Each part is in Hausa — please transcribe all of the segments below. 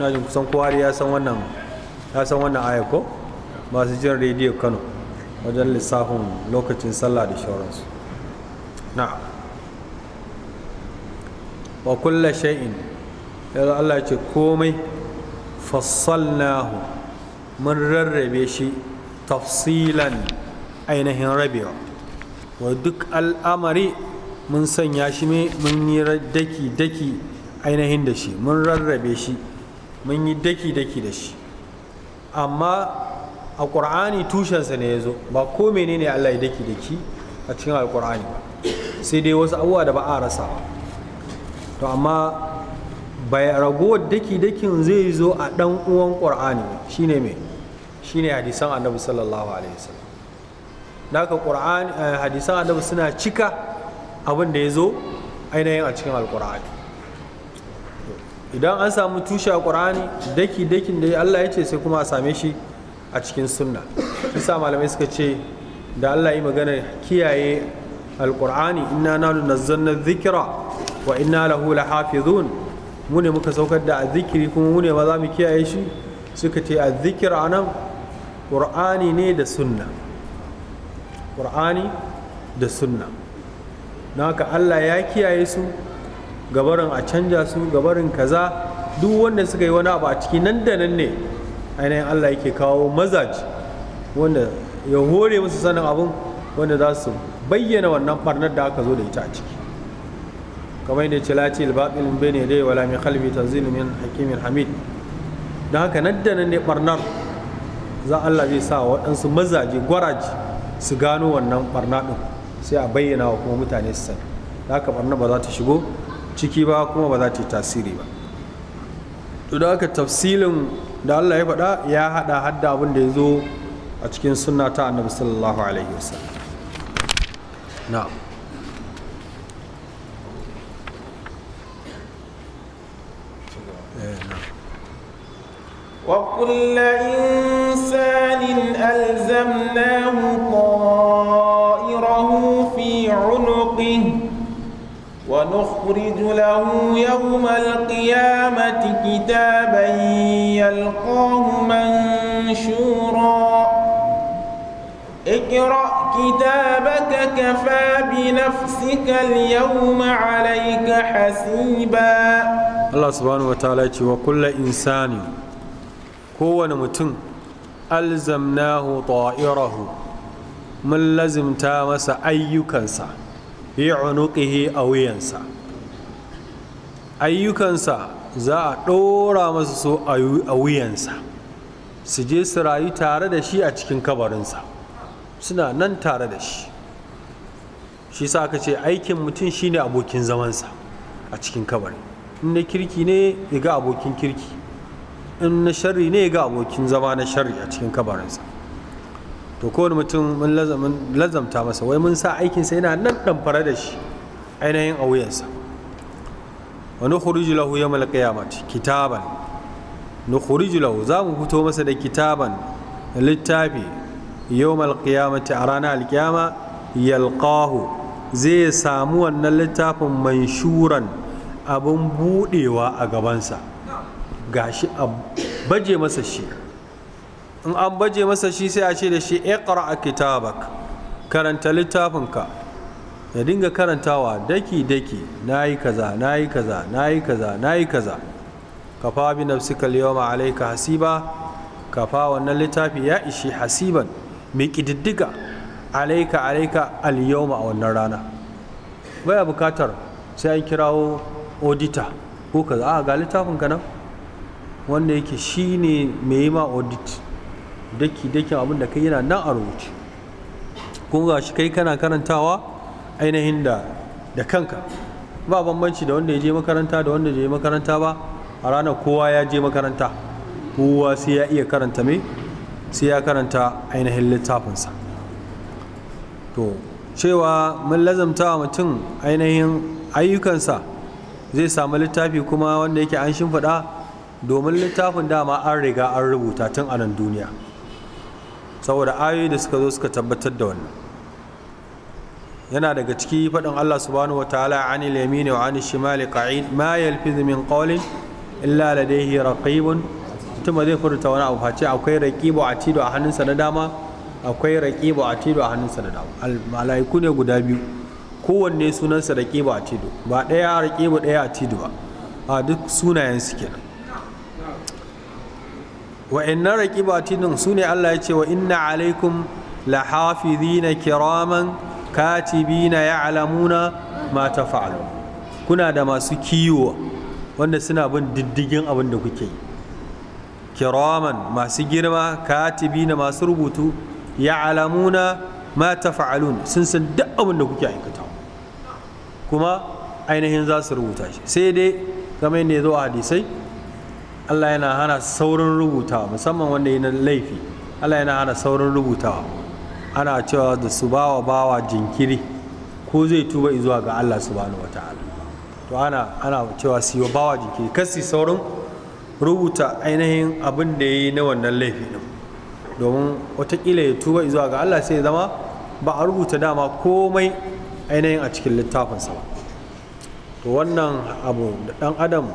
na jin kusan kowa ya wannan ya san wannan ayat ko masu jin rediyo kano wajen lissafin lokacin sallah da shauransu na wa kulla shay'in yanzu Allah ce komai fassalnahu mun rarrabe shi tafsilan ainihin rabewa wa duk al'amari mun sanya shi mun yi daki-daki ainihin da shi mun rarrabe shi mun yi daki-daki da shi amma a ƙur'ani tushensa ne ya zo ba ko menene allah ya daki-daki a cikin alƙur'ani ba sai dai wasu abubuwa da ba a rasa ba to amma bai ragowar daki-dakin zai zo a ɗan uwan ƙur'ani shine mai shine hadisan annabi sallallahu alaihi wasallam naka ƙur'ani eh, hadisan annabi suna cika abin da ya zo ainihin a cikin alƙur'ani idan an samu tushe a ƙur'ani daki dakin da Allah ya ce sai kuma a same shi a cikin sunna sa malamai suka ce da Allah yi magana kiyaye alƙur'ani inna nanu nazzalna zikira wa inna lahu lahafizun mu ne muka saukar da azzikiri kuma mu ne ma za mu kiyaye shi suka ce azzikir nan ƙur'ani ne da sunna ƙur'ani da sunna don haka Allah ya kiyaye su gabarin a canja su gabarin kaza duk wanda suka yi wani abu a ciki nan da nan ne ainihin allah yake kawo mazaji wanda ya hore musu sanin abun wanda za su bayyana wannan barnar da aka zo da ita a ciki kamar yadda ce lati albabin bene dai wala mai khalbi ta min hakimin hamid don haka nan da nan ne barnar za allah zai sa waɗansu mazaje gwaraji su gano wannan barna ɗin sai a bayyana wa kuma mutane su sani da haka barnar ba za ta shigo ciki ba kuma ba za ta yi tasiri ba to da haka tafsilin da Allah ya faɗa ya haɗa hadda abin da ya zo a cikin sunna ta annabi sallallahu alaihi wasallam وكل إنسان ألزمناه طائره في عنقه ونخرج له يوم القيامة كتابا يلقاه منشورا اقرأ كتابك كفى بنفسك اليوم عليك حسيبا الله سبحانه وتعالى وكل إنسان هو نمتن ألزمناه طائره من لزمتا مس أيكنسا fi unuqihi a wuyansa ayyukansa za a ɗora masa so a wuyansa su je su rayu tare da shi a cikin kabarinsa suna nan tare da shi shi sa aka ce aikin mutum shine abokin zamansa a cikin kabari in na kirki ne ya ga abokin kirki in na sharri ne ya ga abokin zama na shari a cikin kabarinsa to kowane mutum mun lazamta masa wai mun sa aikinsa yana nan ɗamfara da shi ainihin a wuyansa wani khuruju lahu ya mal kitaban nu lahu za mu fito masa da kitaban littafi yawmal a ranar alkiyama yalkahu zai samu wannan littafin manshuran abin budewa a gabansa gashi a baje masa shi in an baje masa shi sai a ce da shi a kitabak karanta littafinka ya dinga karantawa daki daki nayi kaza nayi kaza nayi kaza nayi kaza kafa bi nafsika al alayka hasiba kafa wannan littafi ya ishi hasiban mai kididdiga alayka-alayka al a wannan rana baya bukatar sai an kirawo odita ko kaza a ga littafin ka nan wanda yake shine mai yi ma audit daki dakin abin da kai yana nan a rubuce kun ga shi kai kana karantawa ainihin da da kanka ba bambanci da wanda ya je makaranta da wanda ya je makaranta ba a ranar kowa ya je makaranta kowa sai ya iya karanta mai sai ya karanta ainihin littafinsa to cewa mun lazamta wa mutum ainihin ayyukansa zai samu littafi kuma wanda yake an shimfiɗa domin littafin dama an riga an rubuta tun a nan duniya saboda ayoyi da suka zo suka tabbatar da wannan yana daga ciki faɗin Allah subhanahu wa ta'ala ani lamini wa ani shimali qa'id ma yalfiz min qawlin illa ladayhi raqibun mutum zai furta wani abu face akwai raqibu a tido a hannunsa na dama akwai raqibu a tido a na dama malaiku ne guda biyu kowanne sunansa raqibu a ba ɗaya raqibu ɗaya a ba a duk sunayen su kenan wa'annan raqibatin su ne Allah ya ce wa inna alaikum lahafizina kiraman katibina alamuna ma fa'alu kuna da masu kiwo wanda suna bin diddigin abin da kuke yi kiraman masu girma katibina masu rubutu ya alamuna ma fa'alu sun san duk abin da kuke aikata kuma ainihin za su rubuta shi sai dai kamar yadda ya zo hadisai Allah yana hana saurin rubutawa musamman wanda yana laifi Allah yana hana saurin rubutawa ana cewa da su bawa bawa jinkiri ko zai tuba zuwa ga Allah subhanahu ala to ana cewa su yi bawa jinkiri kasi saurin rubuta ainihin abin da ya yi na wannan laifi din domin watakila ya tuba zuwa ga Allah sai zama ba a rubuta dama komai ainihin a cikin littafinsa ba to wannan abu da ɗan adam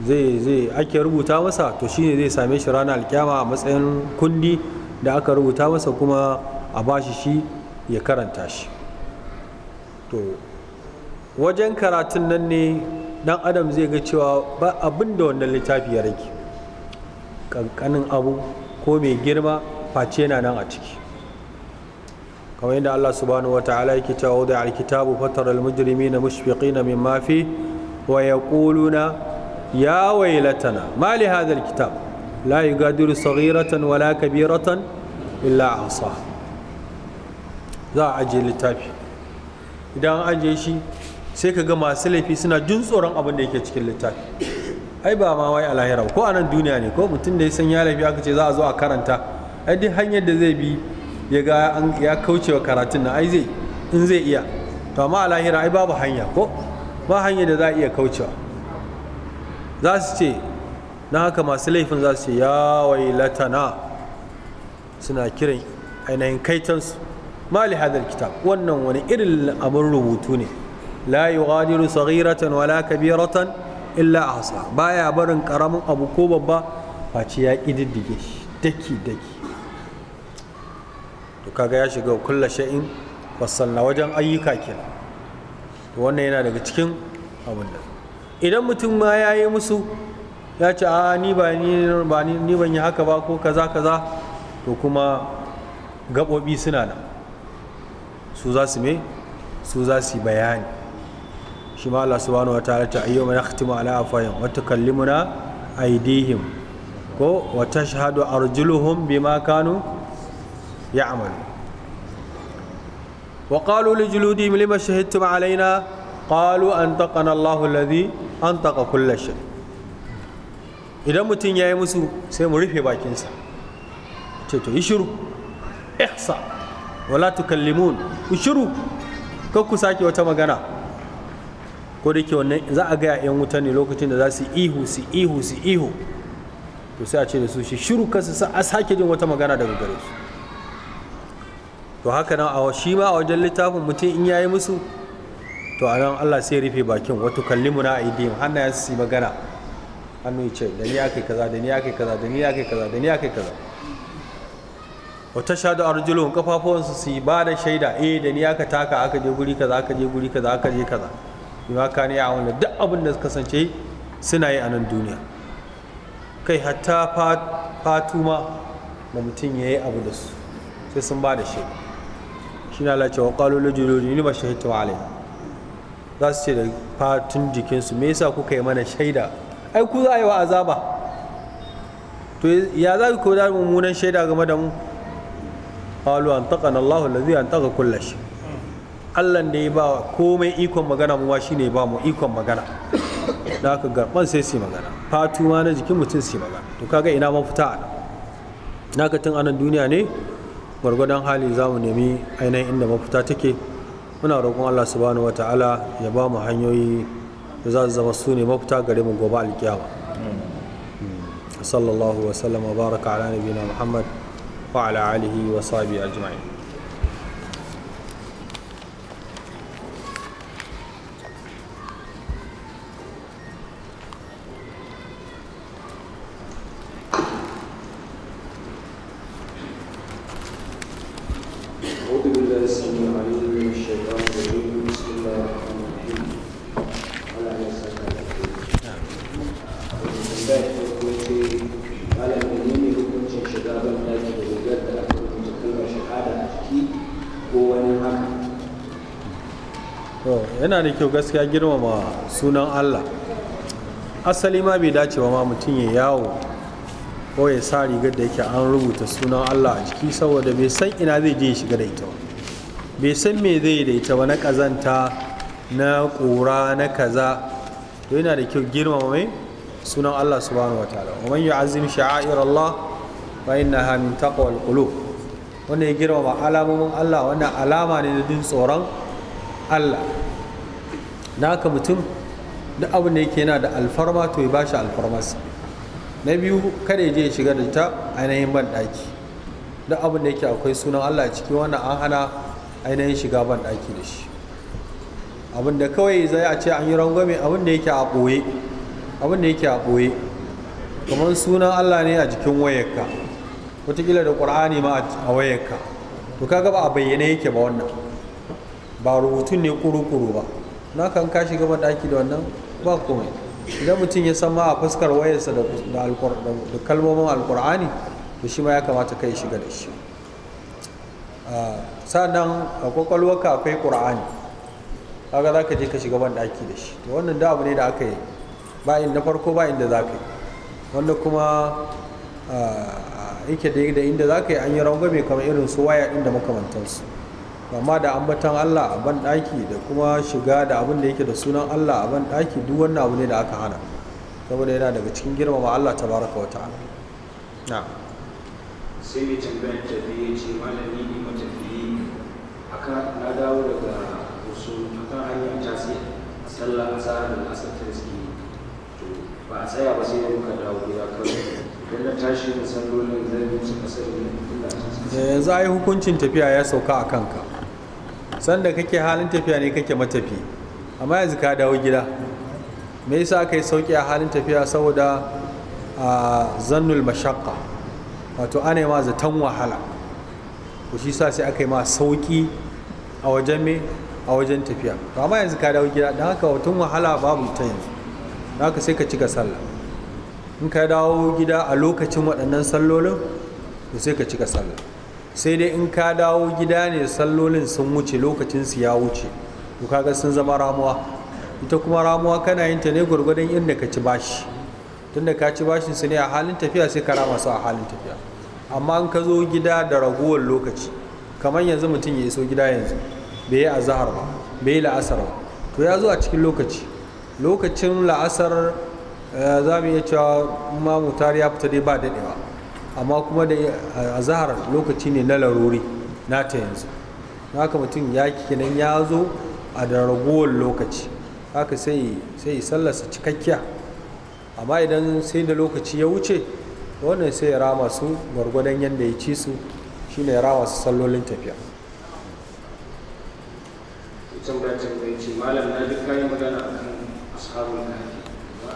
zai zai ake rubuta masa to shine zai same shi ranar alkyama a matsayin kundi da aka rubuta masa kuma a bashi shi ya karanta shi to wajen karatun nan ne dan adam zai ga cewa ba abin da wannan littafi ya rage kankanin abu ko mai girma face yana nan a ciki kamar yadda Allah subhanahu wa ta'ala yake cewa da alkitabu fatara almujrimina mushfiqina mimma fi wa yaquluna ya wailatana ma li hadha alkitab la yugadiru saghiratan wala kabiratan illa ahsa za a ajiye littafi idan an ajiye shi sai ka ga masu laifi suna jin tsoron abin da yake cikin littafi ai ba ma wai a lahira ko a nan duniya ne ko mutum da ya san ya laifi aka ce za a zo a karanta ai duk hanyar da zai bi ya ga ya kauce wa karatun na ai zai in zai iya to amma a lahira ai babu hanya ko ba hanyar da za a iya kaucewa za su ce na haka masu laifin za su ce ya wailatana suna kiran ainihin kaitansu mali hadar kitab wannan wani irin abin rubutu ne la yughadiru saghiratan wala kabiratan illa hasa baya barin karamin abu ko babba face ya kididdige shi daki daki to kaga ya shiga kullu shay'in fasalna wajen ayyuka kenan to wannan yana daga cikin abin da idan mutum ma ya yi musu ya ce a ni ba ni ban yi haka ba ko kaza kaza to kuma gaɓoɓi suna nan su za su me su za su bayani shi ma Allah subhanahu wa ta'ala ta ayyuma nakhtimu ala afayhim wa tukallimuna aydihim ko wa tashhadu arjuluhum bima kanu ya'malu wa qalu li juludihim lima shahidtum alaina qalu antaqana Allahu alladhi an taka kulla shi idan mutum ya yi musu sai mu rufe bakinsa ce to yi shiru ihsa wala tukallimun ku shiru kar ku sake wata magana ko da ke wannan za a gaya 'yan wuta ne lokacin da za su ihu su ihu su ihu to sai a ce da su shi shiru kasu sa a sake jin wata magana daga gare su to haka nan a shi ma a wajen littafin mutum in yayi musu to a nan Allah sai rufe bakin wato muna a hannu ya su magana hannu ya ce da ni kai kaza da ni kai kaza da ni kai kaza da ni kai kaza wata a arjulun kafafuwan su su ba da shaida eh da ni ka taka aka je guri kaza aka je guri kaza aka je kaza bima ka ne a wannan duk abin da kasance suna yi a nan duniya kai hatta fatuma da mutum ya yi abu da su sai sun ba da shaida shi na lalacewa ƙalolin jirgin ni ba shahidta wa alaihi za su ce da fatun jikinsu me yasa kuka yi mana shaida ai ku za a yi wa azaba to ya za ku da mummunan shaida game da mu qalu an taqana Allah allazi an taqa kullu shay Allah da ya ba komai ikon magana mu wa shine ba mu ikon magana da aka garban sai su magana fatu ma na jikin mutum su magana to kaga ina mafita a nan naka tun anan duniya ne gwargwadon hali za mu nemi ainihin inda mafita take muna roƙon Allah subhanahu ta'ala ya ba mu hanyoyi da za su zama su ne mafita gare mu gobe alkiyama sallallahu wa sallam baraka ala nabiyina muhammad wa ala alihi wa sahbihi ajma'in yana da kyau gaskiya girmama sunan allah asali ma bai dace ba ma mutum ya yawo ko ya sa rigar da yake an rubuta sunan allah a jiki saboda bai san ina zai je shiga da ita ba bai san me zai da ita ba na kazanta na ƙura na kaza to yana da kyau girmama mai sunan allah subhanahu wataala wa man yu'azzim sha'air allah fa innaha min taqwal qulub wannan ya girmama alamomin allah wannan alama ne na din tsoron allah na haka mutum duk abin da yake yana da alfarma to ya bashi alfarmarsa na biyu kada ya je ya shiga da ta ainihin ban ɗaki duk abin da yake akwai sunan allah ciki cikin wannan an hana ainihin shiga ban ɗaki da shi abin da kawai zai a ce an yi rangwame abin da yake a ɓoye abin da yake a ɓoye kamar sunan allah ne a jikin wayarka wataƙila da ƙur'ani ma a wayarka to kaga ba a bayyane yake ba wannan ba rubutun ne kuru-kuru ba na kan ka shiga banɗaki da wannan ba komai idan mutum ya san ma a fuskar wayarsa da kalmomin alkur'ani to shi ma ya kamata kai shiga da shi ah, sannan a kwakwalwaka akwai ƙur'ani kaga za ka je ka shiga banɗaki da shi to wannan da abu ne da aka yi ba na farko ba inda za ka yi wanda kuma ah, yake da inda za ka yi an yi rangwame kamar irin su waya inda makamantansu amma da ambatan Allah a ban ɗaki da kuma shiga da abin da yake da sunan Allah a ban ɗaki duk wannan abu ne da aka hana saboda yana daga cikin girmama Allah tabaraka wa ta'ala na sai mai tambayar ta ya ce malami ne matafiyi aka na dawo daga wasu akan hanyar ta sai sallah tsarin da asar ta suke to ba a tsaya ba sai ya muka dawo ya kawai idan na tashi da sallolin zai yi kasar da yanzu yi hukuncin tafiya ya sauka a kanka sanda kake halin tafiya ne kake matafi amma yanzu ka dawo gida me yasa aka yi sauki a halin tafiya saboda a zannul mashaqqa wato ana ma zaton wahala ku shi sa sai aka yi ma sauki a wajen me a wajen tafiya to amma yanzu ka dawo gida dan haka wato wahala babu ta yanzu dan haka sai ka ci cika sallah in ka dawo gida a lokacin waɗannan sallolin to sai ka ci cika sallah sai dai in ka dawo gida ne sallolin sun wuce lokacinsu ya wuce to kaga sun zama ramuwa ita kuma ramuwa kana yin ta ne gwargwadon inda ka ci bashi tunda ka ci bashin su ne a halin tafiya sai ka rama su a halin tafiya amma in ka zo gida da raguwar lokaci kamar yanzu mutum ya iso gida yanzu bai yi azahar ba bai yi la'asar ba to ya zo a cikin lokaci lokacin la'asar eh, za mu iya cewa ma mutar ya fita dai ba daɗewa amma kuma da zahar lokaci ne na laruri ta yanzu haka mutum ya kenan ya zo a da ragowar lokaci haka sai sai sallarsa cikakkiya amma idan sai da lokaci ya wuce wannan sai ya rama su gwargwadon yadda ya ci su shine ya rama su sallolin tafiya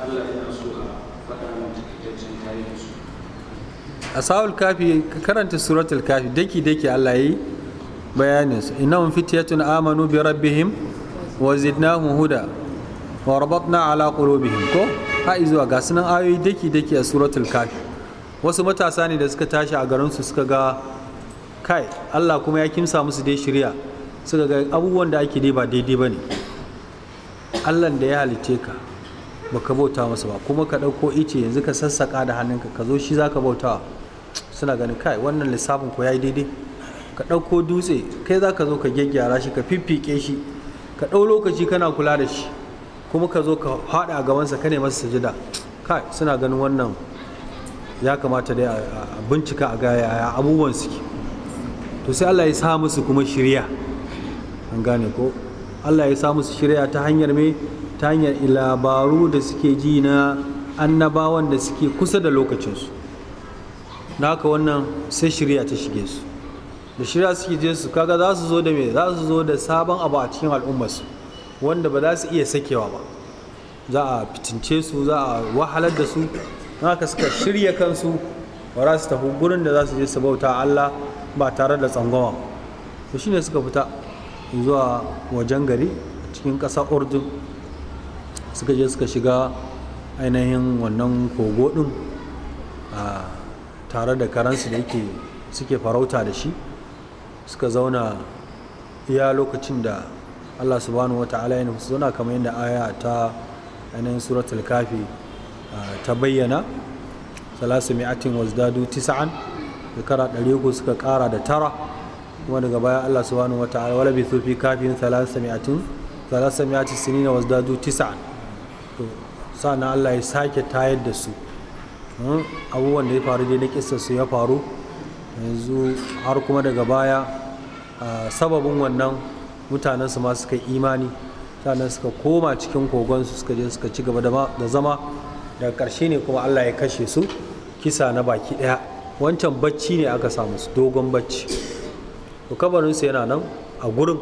Allah ina so a faɗa mun su A sawul kafi karanta suratul kafi daki daki Allah yi bayanin su innahum fityatun amanu bi rabbihim wa zidnahum huda wa rabatna ala qulubihim ko ha izuwa ga sunan ayoyi daki daki a suratul kafi wasu matasa ne da suka tashi a garin su suka ga kai Allah kuma ya kimsa musu dai shirya suka ga abubuwan da ake dai ba daidai bane Allah da ya halitte ka baka bauta masa ba kuma ka ɗauko ice yanzu ka sassaƙa da hannunka ka zo shi zaka bauta suna ganin kai wannan lissafin ko yayi daidai ka ɗauko dutse kai za ka zo ka gyaggyara shi ka fiffike shi ka ɗau lokaci kana kula da shi kuma ka zo ka haɗa a gabansa ka nema masa sajida kai suna ganin wannan ya kamata dai a bincika a gaya a abubuwan suke to sai Allah ya sa musu kuma shirya an gane ko Allah ya sa musu shirya ta hanyar me ta hanyar labaru da suke ji na annabawan da suke kusa da lokacinsu na haka wannan sai shirya ta shige su da shirya suke je su kaga za su zo da me za su zo da sabon abu a cikin al'ummarsu wanda ba za su iya sakewa ba za a fitince su za a wahalar da su na haka suka shirya kansu ba za su tafi gurin da za su je su bauta Allah ba tare da tsangwama to shine suka fita zuwa wajen gari cikin ƙasar urdun suka je suka shiga ainihin wannan kogo a tare da karansu da yake suke farauta da shi suka zauna iya lokacin da allah subhanahu wa ta'ala ya nufi zauna kamar yadda aya ta ainihin suratul kafi ta bayyana salasu mi'atin wazdadu tisa'an shekara ɗari uku suka ƙara da tara kuma daga baya allah subhanahu wa ta'ala wala bi fi kafin salasu mi'atin salasu mi'atin sinina wazdadu tisa'an to sa'an Allah ya sake tayar da su hmm? abubuwan da ya faru dai na kisa su ya faru yanzu har kuma daga baya sababin wannan mutanen su ma suka imani mutanen suka koma cikin kogon su suka je suka ci gaba da zama daga karshe ne kuma Allah ya kashe su kisa na baki ɗaya wancan bacci ne aka samu su dogon bacci to su yana nan a gurin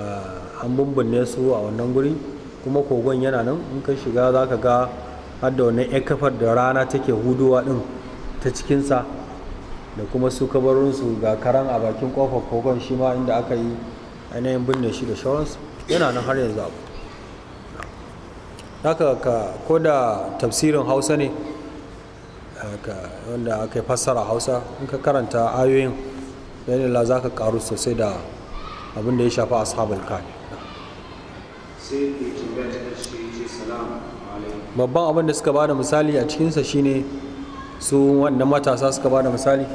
an bumbunne su a wannan guri kuma kogon yana nan in ka shiga za ka ga har da wannan kafar da rana take huduwa din ta cikinsa da kuma su kabarunsu ga karan a bakin kofar kogon shi ma inda aka yi ainihin binne shi da shawansu yana nan har yanzu abu haka ka ko da tafsirin hausa ne wanda aka yi fassara hausa in ka karanta ayoyin yanila za ka karu sosai da abin da ya shafa ashabul kafi babban abin da suka ba da misali a cikinsa shine su wannan matasa suka ba da misali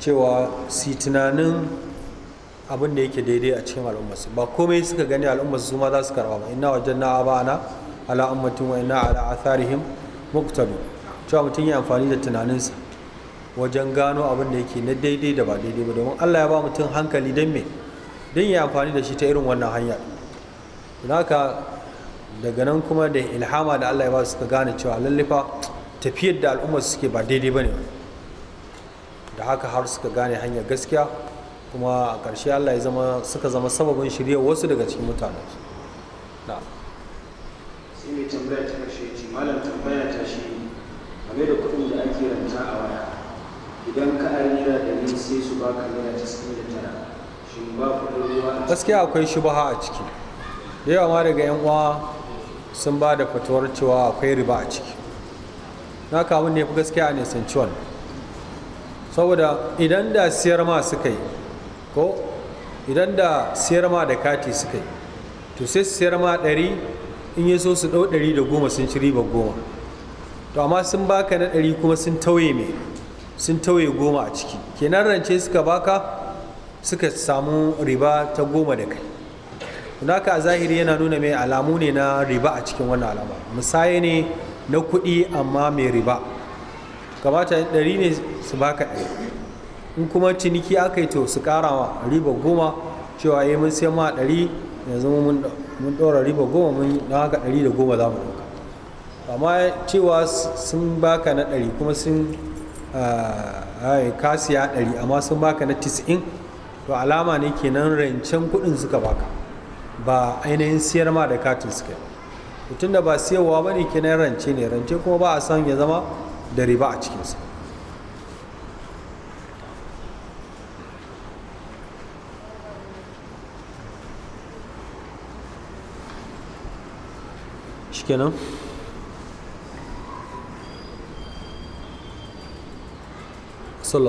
cewa si tunanin abin da yake daidai a cikin al'ummasu ba komai suka gani al'ummasu su ma za su karba ba ina wajen na abana ala ummatin wa ina ala atharihim muqtadu cewa mutum ya amfani da tunaninsa wajen gano abin da yake na daidai da ba daidai ba domin Allah ya ba mutum hankali don me don ya amfani da shi ta irin wannan hanya haka daga nan kuma da ilhama da Allah ya ba su suka gane cewa lallifa tafiyar da al'ummar suke ba daidai ne da haka har suka gane hanyar gaskiya kuma a ƙarshe Allah ya zama suka zama sababin shirya wasu daga cikin mutane na sai mai tambaya ta malam tambaya ta shi da kuɗin da ranta a waya idan ka sai su da tara ba gaskiya akwai shubaha a ciki da yawa ma daga yan uwa sun ba da fatuwar cewa akwai riba a ciki na kamun ne fi gaskiya a nisan ciwon saboda idan da siyar ma suka yi ko idan da siyar ma da kati suka yi to sai siyar ma ɗari in yi so su ɗau ɗari da goma sun ci riba goma to amma sun baka na ɗari kuma sun tauye mai sun tauye goma a ciki kenan rance suka baka suka samu riba ta goma da kai haka a zahiri yana nuna mai alamu ne na riba a cikin wannan alama misali ne na kuɗi amma mai riba kamata ɗari ne su baka ɗaya in kuma ciniki aka yi to su ƙara wa riba goma cewa yi eh, mun sai ma ɗari yanzu mun ɗora riba goma mun na haka ɗari da goma za mu ɗauka amma cewa sun baka na ɗari kuma sun eh, eh, kasiya ɗari amma sun baka na tis'in to alama ne kenan rancen kuɗin suka baka ba ainihin siyar ma da katin suke mutum da ba siyarwa ba ne kenan rance ne rance kuma ba a san ya zama da riba a cikinsa kenan